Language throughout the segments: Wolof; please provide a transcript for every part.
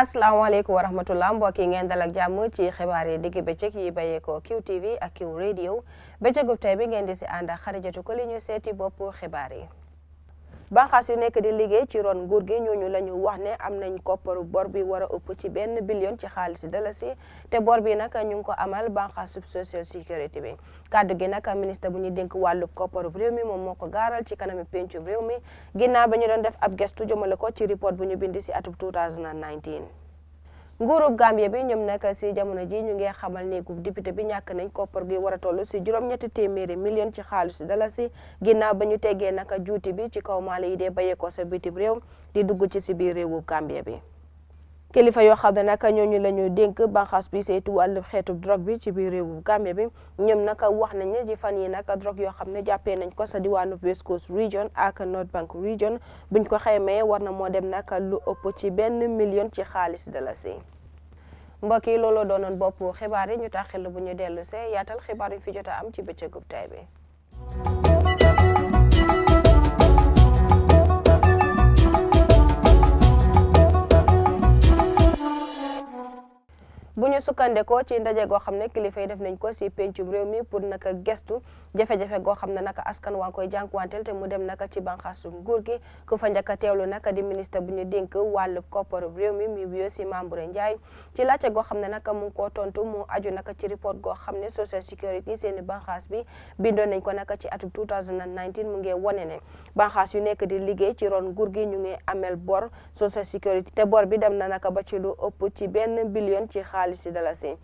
asalaamaaleykum wa rahmatullah mbokk yi ngeen dal ak jàmm ci xibaar yi digg bëccëg yi bàyyeekoo QTV ak Q radio bëccëgub tey bi ngeen di si ànd ak Xadijatu Koli ñu seeti bopp xibaar yi. banqaas yu nekk di liggéey ci roon nguur gi ñooñu la ñu wax ne am nañ kopparu bor bi war a ëpp ci benn billion ci xaalisi si te bor bi nag ñu ngi ko amal banqaas sub social sécurité bi kàddu gi nag ministre bu ñu dénk wàllu kopparu réew mi moom moo ko gaaral ci kanami péncum réew mi ginnaaw ba ñu doon def ab gestu jëmale ko ci report bu ñu bindi si atub 2019 nguurub Gambie bi ñoom nag si jamono ji ñu ngi xamal ne groupe député bi ñàkk nañ koppar gi war a toll si juróom-ñetti téeméeri million ci xaalis si ginnaaw ba ñu teggee naka juuti bi ci kaw maalo yi dee bayee ko sa bitim réew di dugg ci si biir réewu Gambie bi kilifa yoo xam ne nag ñooñu la dénk banqaas bi saytu wàllu xeetu drogue bi ci biir réewu Gambie bi ñoom nag wax nañ ne ci fan yi nag drogue yoo xam ne jàppee nañ ko sa diwaanu West Coast region ak North Bank region buñ ko xaymee war na moo dem nag lu ëpp ci benn million ci xaalis dalasi mbokk yi looloo doonoon bopp xibaar yi ñu taxil bu ñu dellu see yaatal xibaar yi fi jot am ci bëccëgub tey bi bu ñu sukkandekoo ci ndaje goo xam ne kilifa yi def nañ ko si pencum réew mi pour naka gestu jafe-jafe goo xam ne naka askan waa koy jànkuwanteel te mu dem naka ci banqaasu nguur gi ku fa njëkk a teewlu naka di ministre bu ñu dénk wàllu kopparu réew mi mi wiyoo si Mamboure Ndiaye ci laajte goo xam ne naka mu ngi koo tontu mu aju naka ci report goo xam ne social security seeni banqaas bi bindoon nañ ko naka ci atum 2019 mu ngi wone ne banqaas yu nekk di liggéey ci ron nguur gi ñu ngi amel bor social security te bor bi dem na naka ba ci benn billion ci xaalis hali sidala sen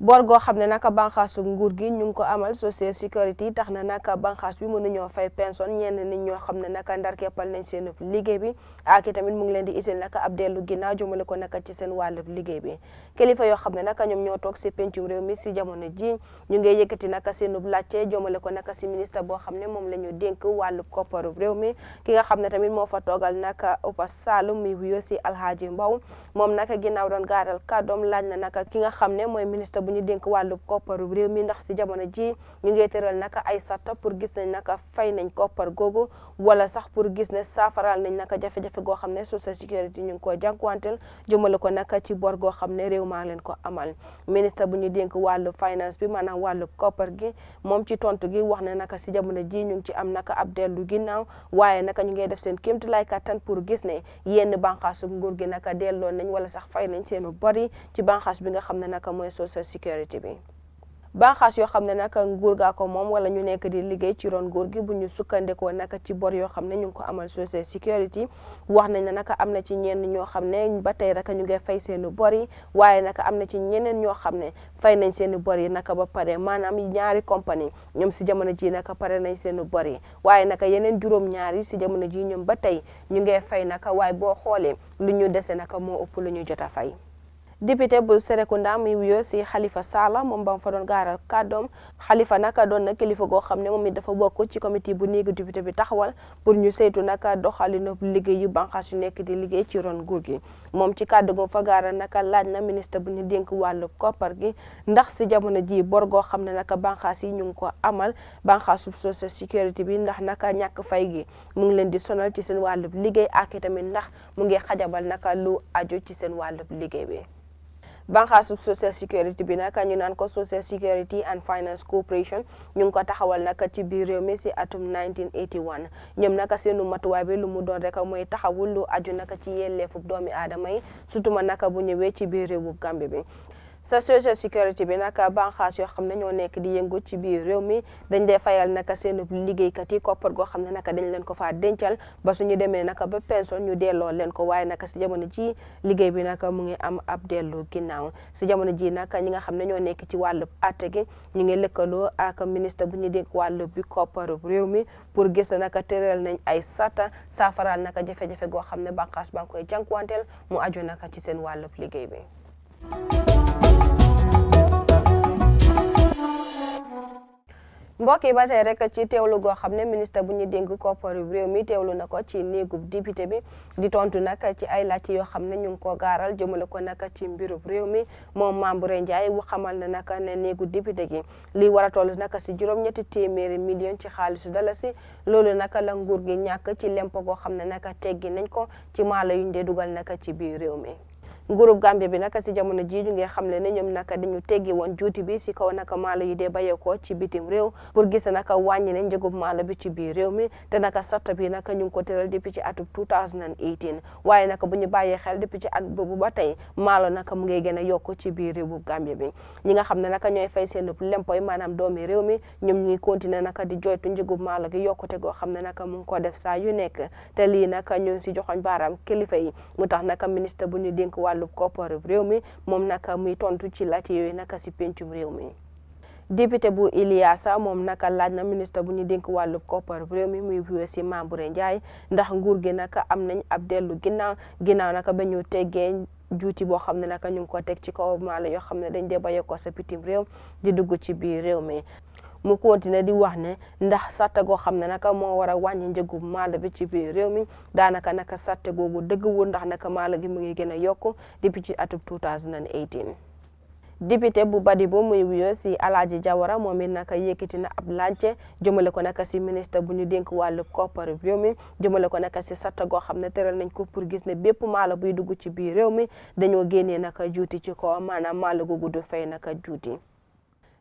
bor goo xam ne naka banxaasu nguur gi ñu ngi ko amal so social security tax na naka banxaas bi mënuñoo fay pension ñenn nit ñoo xam ne naka ndar keppal nañ seen liggéey bi ak tamit mu ngi leen di isil naka ab dellu ginnaaw le ko naka ci seen wàllub liggéey bi kilifa yoo xam ne naka ñoom ñoo toog si pencum réew mi si jamono ji ñu ngi yëkkati naka seenub laajte jëmale ko naka si ministre boo xam ne moom la ñu dénk wàllub kopparub réew mi ki nga xam ne tamit moo fa toogal naka Uppa Saalum mi wuyoo si Alhaji Mbow moom naka ginnaaw doon gaaral kàddoom laaj na naka ki nga xam ne mooy ministre bu ñu dénk wàllu kopparu réew mi ndax si jamono ji ñu ngi tëral naka ay sata pour gis nañ naka fay nañ koppar googu wala sax pour gis ne saafaraal nañ naka jafe-jafe goo xam ne social security ñu ngi ko jànkuwanteel jëmale ko naka ci bor goo xam ne réew maa leen ko amal ministre bu ñu dénk wàllu finance bi maanaam wàllu koppar gi moom ci tontu gi wax ne naka si jamono ji ñu ngi ci am naka ab dellu ginnaaw waaye naka ñu ngi def seen kéemtulaay katan pour gis ne yenn banqaasu nguur gi naka delloon nañ wala sax fay nañ seenu bor yi ci banqaas bi nga xam ne naka mooy social sécurité bi banqaas yoo xam ne nag nguur gaa ko moom wala ñu nekk di liggéey ci ron nguur gi bu ñu sukkandikoo nag ci bor yoo xam ne ñu ngi ko amal social security wax nañ ne nag am na ci ñenn ñoo xam ne ba tey rek ñu ngi fay seen bor yi waaye nag am na ci ñeneen ñoo xam ne fay nañ seen bor yi nag ba pare maanaam ñaari compagnie ñoom si jamono ji nag pare nañ seen bor yi waaye nag yeneen juróom ñaari si jamono ji ñoom ba tey ñu ngi fay nag waaye boo xoolee lu ñu dese nag moo ëpp lu ñu jot a fay. député bu Serekunda muy wuyoo si Halifa saala moom ba mu fa doon gaaral kàddoom Halifa naka doon na kilifa goo xam ne moom it dafa bokk ci comité bu néegu député bi taxawal pour ñu saytu naka doxalinu liggéey yu bànqaas yu nekk di liggéey ci ron nguur gi. moom ci kàddu gu fagaara naka laaj na ministre bu ñu dénk wàllu koppar gi ndax si jamono ji bor goo xam ne naka banqaas yi ñu ngi ko amal banqaasu social security bi ndax naka ñàkk fay gi mu ngi leen di sonal ci seen wàllub liggéey ak itamit ndax mu ngi xajabal naka lu aju ci seen wàllub liggéey bi banxaasu social security bi nag ñu naan ko social security and finance corporation ñu ngi ko taxawal nag ci biir réew mi si atum 1981 ñoom nag seenu matuwaay bi lu mu doon rek mooy taxawul lu aju nag ci yelleefub doomi aadama yi surtout ma nag bu ñëwee ci biir réewub Gambie bi sa social sécurité bi nag banqaas yoo xam ne ñoo nekk di yëngu ci biir réew mi dañ dee fayal nag seen liggéeykat yi koppar goo xam ne nag dañ leen ko faa dencal ba suñu demee nag ba pension ñu delloo leen ko waaye nag si jamono ji liggéey bi nag mu ngi am ab dellu ginnaaw si jamono ji nag ñi nga xam ne ñoo nekk ci wàllub atte gi ñu ngi lëkkaloo ak ministre bu ñu dénk wàllu bi kopparub réew mi pour gis nag tereel nañ ay sata saafaraal nag jafe-jafe goo xam ne banqaas ba nga koy jànkuwanteel mu aju nag ci seen wàllub liggéey bi mbokk yi ba tey rek ci teewlu goo xam ne ministre bu ñu dénk koppar réew mi teewlu na ko ci néegub député bi di tontu nag ci ay laajte yoo xam ne ñu ngi ko gaaral jëmale ko nag ci mbirub réew mi moom Mamboure Ndiaye wu xamal na nag ne néegu député gi li war a toll nag si juróom-ñetti téeméeri million ci xaalisu dalasi loolu nag la nguur gi ñàkk ci lempo goo xam ne nag teggi nañ ko ci maalo yuñ dee dugal nag ci biir réew mi nguurub Gambie bi naka si jamono jii ñu ngi xamle ne ñoom naka dañu teggi woon juuti bi si kaw naka maalo yi dee bayeekoo ci bitim réew pour gis naka wàññi ne njëgub maalo bi ci biir réew mi te naka sarta bi naka ñu ngi ko tëral depuis ci atub 2018 waaye naka bu ñu bàyyee xel depuis ci at boobu ba tey maalo naka mu ngi gën a yokk ci biir réewub Gambie bi ñi nga xam ne naka ñooy fay seen lempoy maanaam doomi réew mi ñoom ñu ngi continuer naka di joytu njëgub maalo gi yokkute goo xam ne naka mu ngi ko def saa yu nekk te lii naka ñu si joxoñ baaraam kilifa yi mu tax naka ministre bu ñu dénk wàll wàllu kopparu réew mi moom naka muy tontu ci laajte yooyu naka si pencum réew mi. député bu Iliasa moom naka laaj na ministre bu ñu dénk wàllu koppar réew mi muy wuyoo si Mamboure Ndiaye ndax nguur gi naka am nañ ab dellu ginnaaw ginnaaw naka ba ñu teggee juuti boo xam ne naka ñu ngi ko teg ci kaw maalo yoo xam ne dañ dee bàyyeekoo sa bitim réew di dugg ci biir réew mi. mu continué di wax ne ndax sàtte goo xam ne naka moo war a wàññi njëgu maalo bi ci biir réew mi daanaka naka sàtte googu dëgguwul ndax naka maalo gi mu ngi gën a yokku depuis ci atub 2018 député bu Badiboo muy wuyoo si Alaaji Jawara moom it naka yëkkati na ab laajte jëmale ko naka si ministre bu ñu dénk wàllu koppar réew mi jëmale ko naka si satta goo xam ne tëral nañ ko pour gis ne bépp maalo buy dugg ci biir réew mi dañoo génnee naka juuti ci ko maanaam maalo googu du fay naka juuti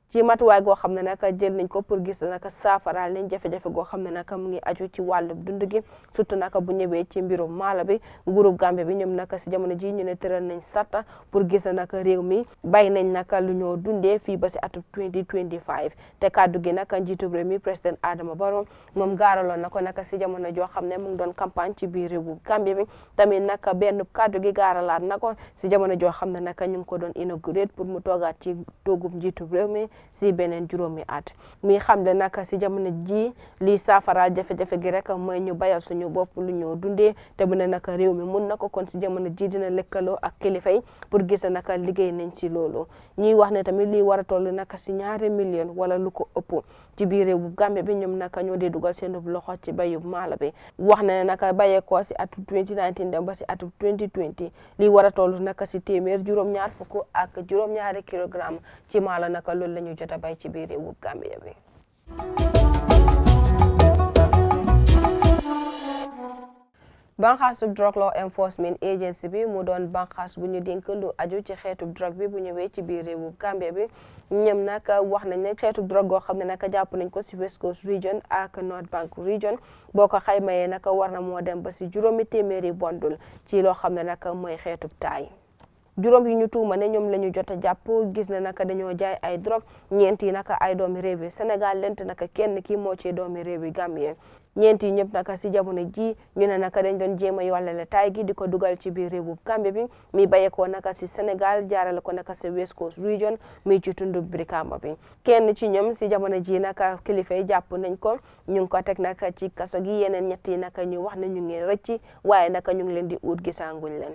ci matuwaay goo xam ne nag jël nañ ko pour gis nag saafaraal nañ jafe-jafe goo xam ne nag mu ngi aju ci wàllub dund gi surtout nag bu ñëwee ci mbirum maala bi groupe Gambe bi ñoom naka si jamono ji ñu ne tëral nañ sarta pour gis nag réew mi bàyyi nañ nag lu ñoo dundee fii ba si atum 2025 te kàddu gi nag njiitu réew mi président Adama Barrow moom gaaraloon na ko nag si jamono joo xam ne mu ngi doon campagne ci biir réewu Gambe bi tamit nag benn kàddu gi gaaralaat na ko si jamono joo xam ne nag ñu ngi ko doon inauguré pour mu toogaat ci toogub njiitu réew mi si beneen juróomi at muy xamle nag si jamono ji lii saafara jafe-jafe gi rek mooy ñu bayal suñu bopp lu ñu dundee te mu ne nag réew mi mun na ko kon si jamono ji dina lëkkaloo ak kilifa yi pour gis nag liggéey nañ ci loolu ñuy wax ne tamit lii war a toll nag si ñaari million wala lu ko ëpp ci biir réew bu Gambie bi ñoom naka ñoo dee dugal seen loxo ci bayu maalo bi wax na ne nag bayeekoo si atu 2019 dem ba si atu 2020 lii war a toll naka si téeméer juróom-ñaar fukk juróom-ñaari kilogramme ci ñu jot a bay ci biir réewub Gambia bi banxaasu drug law enforcement agency bi mu doon banxaas bu ñu dénk aju ci xeetu drog bi bu ñëwee ci biir réewu Gambia bi ñoom nag wax nañ ne xeetu drog goo xam ne nag jàpp nañ ko ci West Coast region ak North Bank region boo ko xaymayee nag war na moo dem ba si juróomi téeméeri bondul ci loo xam ne nag mooy xeetu taay. juróom yi ñu tuuma ne ñoom la ñu jot a jàpp gis ne naka dañoo jaay ay drogue ñeent yi naka ay doomi réew yi Sénégal naka kenn kii moo ci doomi réew yi Gambie ñeent yi ñëpp naka si jamono ji ñu ne naka dañ doon jéem a yollale taay gi di ko dugal ci biir réewub Gambie bi mi bayeekoo naka si Sénégal jaarale ko naka si West Coast region mi ci tundu Brikama bi kenn ci ñoom si jamono ji naka kilifa yi jàpp nañ ko ñu ngi ko teg naka ci kaso gi yeneen ñett yi naka ñu wax ne ñu ngi rëcc waaye naka ñu ngi leen di uut gisaanguñ leen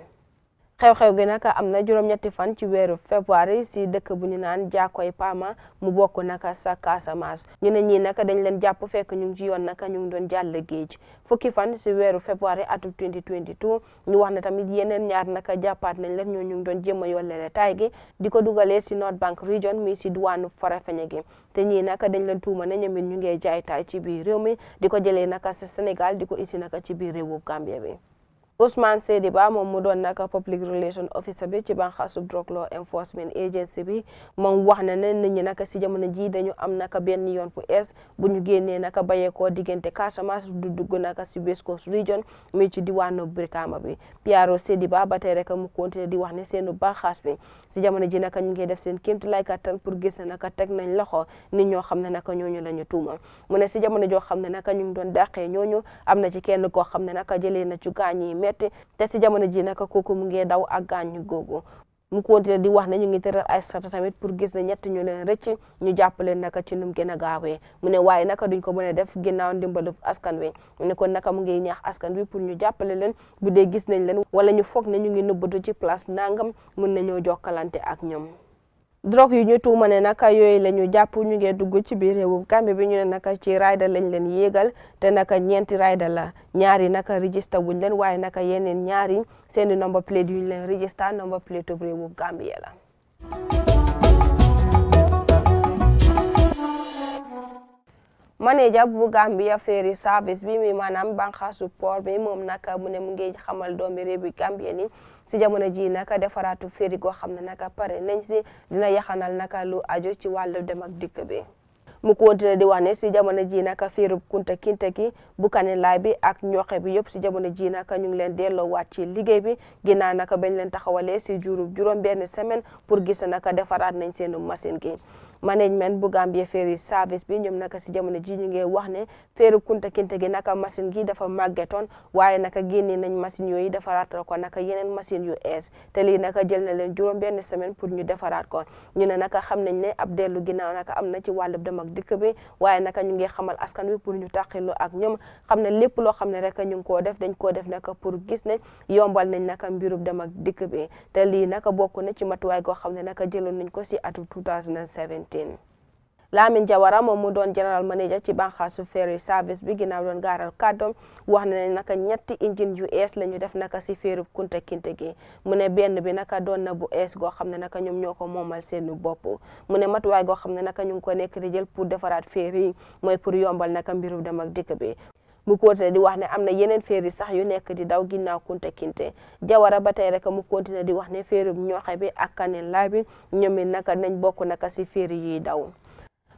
xew-xew gi nag am na juróom-ñetti fan ci weeru février si dëkk bu ñu naan Jaakoy Pama mu bokk naka sa Casamance ñu ne ñii naka dañ leen jàpp fekk ñu ngi ci yoon naka ñu ngi doon jàll géej fukki fan si weeru février atum 2022 ñu wax ne tamit yeneen ñaar naka jàppaat nañ leen ñoo ñu ngi doon jéem a yolleele taay gi di ko dugalee si North Bank Region mi si duwaanu Farafeñe gi te ñii naka dañ leen tuuma ne ñoom ñu ngee jaay ci biir réew mi di ko jëlee naka sa Sénégal di ko isi naka ci biir réewu Gambia bi Ousmane Seydi Ba moom mu doon nag public relation officer bi ci banxaasu drug law enforcement agency bi moom wax na ne nit ñi nag si jamono ji dañu am naka benn yoon bu es bu ñu génnee naka bayeekoo ko Casamance du dugg naka si West Coast region muy ci diwaanu Brikama bi Piaro Seydi Ba ba tey rek mu continué di wax ne seenu banxaas bi si jamono ji naka ñu ngi def seen kéemtu lay kattan pour gis ne naka teg nañ loxo nit ñoo xam ne naka ñooñu la ñu tuuma mu ne si jamono joo xam ne naka doon dàqee ñooñu am na ci kenn koo xam metti te si jamono ji naka kooku mu ngi daw ak gaañu googu mu continué di wax ne ñu ngi tëral ay sata tamit pour gis ne ñett ñu leen rëcc ñu jàppale naka ci num gën a gaawee mu ne waaye naka duñ ko mën a def ginnaaw ndimbalu askan wi mu ne kon naka mu ngi ñaax askan wi pour ñu jàppale leen bu dee gis nañ leen wala ñu foog ne ñu ngi nëbbatu ci place nangam mun nañoo jokkalante ak ñoom drogue yu ñu tuuma ne naka yooyu la ñu jàpp ñu ngi dugg ci biir réewum Gambie bi ñu ne naka ci rider lañ leen yéegal te naka ñeenti rider la ñaari naka register wuñ leen waaye naka yeneen ñaari seeni number plate yuñ leen register number plate bu réewum Gambie la. manager bu Gambia ferry service bi mi maanaam banxaasu port bi moom naka mu ne mu ngi xamal doomi réew bi Gambie ni. si jamono ji naka defaraatu féeri goo xam ne naka pare nañ si dina yaxanal naka lu aju ci wàllu dem ak dikk bi mu kontine di wax ne si jamono ji naka féerub kunta kinte ki bukanilaay bi ak ñoxe bi yëpp si jamono ji naka ñu ngi leen delloowaat ci liggéey bi ginnaaw naka bañ leen taxawalee si juróom juróom benn semaine pour gis naka defaraat nañ seenu machine gi management bu Gambia Ferry Service bi ñoom naka si jamono ji ñu ngi wax ne feeri kunta kinte gi naka machine gi dafa màggetoon waaye naka génne nañ machine yooyu defaraat ko naka yenen machine yu ees te lii naka jël na leen juróom benn semaine pour ñu defaraat ko ñu ne naka xam nañ ne ab dellu ginnaaw naka am na ci wàllub dem ak dikk bi waaye naka ñu ngi xamal askan wi pour ñu tàqiloo ak ñoom xam ne lépp loo xam ne rek ñu ngi koo def dañ koo def naka pour gis ne yombal nañ naka mbirub dem ak dikk bi te lii naka bokk na ci matuwaay goo xam ne naka jëloon nañ ko si atu 2007 2019 Lamin Jawara moom mu doon general manager ci banxaasu ferry service bi ginnaaw doon gaaral kàddoom wax na ne naka ñetti engine yu ees la ñu def naka si ferry Kunta Kinte gi mu ne benn bi naka doon na bu ees goo xam ne naka ñoom ñoo ko moomal seenu bopp mu ne matuwaay goo xam ne naka ñu ngi ko nekk di jël pour defaraat ferry yi mooy pour yombal naka mbirum dem ak dikk bi mu continué di wax ne am na yeneen féeri sax yu nekk di daw ginnaaw kunte kinte jawara ba tey rek mu continué di wax ne féeri ñooxe bi ak kaneen laa bi ñoom it naka nañ bokk naka si féeri yuy daw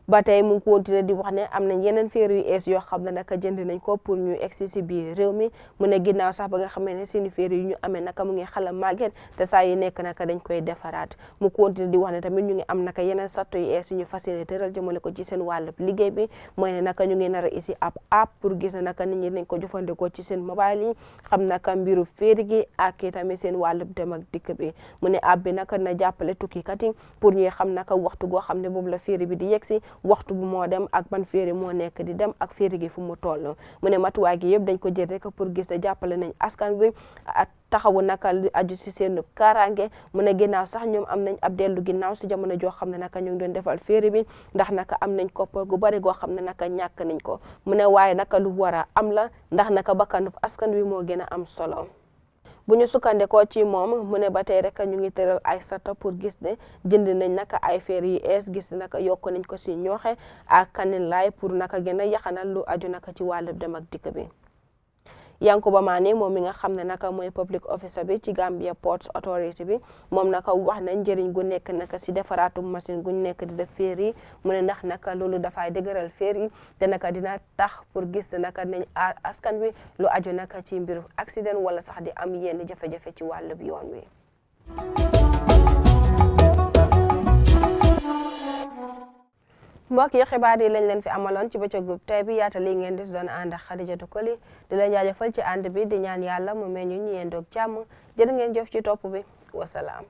ba tey mun ngi continué di wax ne am nañ yeneen fer yu ees yoo xam ne naka jënd nañ ko pour ñu egsi si biir réew mi mu ne ginnaaw sax ba nga xamee ne seeni yu ñu amee naka mu ngi xala màgget te saa yu nekk naka dañ koy defaraat mu continué di wax ne tamit ñu ngi am naka yeneen satto yu ees yu ñu fas yéene tëral ko ci seen wàllub liggéey bi mooy ne naka ñu ngi nar a isi ab app pour gis ne naka nit ñi nañ ko jëfandikoo ci seen mobile yi xam naka mbiru féer gi ak tamit seen wàllub dem ak dikk bi mu ne app bi na jàppale tukkikat yi pour ñuy xam naka waxtu goo xam ne moom la féer bi di yegsi waxtu bu moo dem ak ban féeri moo nekk di dem ak féeri gi fu mu toll mu ne matuwaay gi yëpp dañ ko jël rek pour gis jàppale nañ askan bi ak taxawu naka lu aju si seen kaaraange mu ne ginnaaw sax ñoom am nañ ab dellu ginnaaw si jamono joo xam ne naka ñu ngi doon defal féeri bi ndax naka am nañ koppar gu bari goo xam ne naka ñàkk nañ ko mu ne waaye naka lu war a am la ndax naka bakkanub askan wi moo gën a am solo bu ñu sukkandikoo ci moom mu ne ba tey rek ñu ngi tëral ay sata pour gis ne jënd nañ naka ay feer yi ees gis naka yokk nañ ko si ñooxe ak kanin laay pour naka gën a yaxanal lu aju naka ci wàllu dem ak dikk bi Yankuba Mané moom mi nga xam ne naka mooy public officer bi ci Gambia Ports Authority bi moom naka wax na njëriñ gu nekk naka si defaraatum machine guñ nekk di def féer mu ne ndax naka loolu dafay dëgëral féer yi te naka dina tax pour gis naka nañ askan wi lu aju naka ci mbir accident wala sax di am yenn jafe-jafe ci wàllub yoon wi mbokk yi xibaar yi lañ leen fi amaloon ci bëccëgu tey bi yaata lii ngeen des doon ànd ak Xadijatu Koli di la jaajëfal ci ànd bi di ñaan yàlla mu meññu ñu yendoog jàmm jërë ngeen jëf ci topp bi wasalaam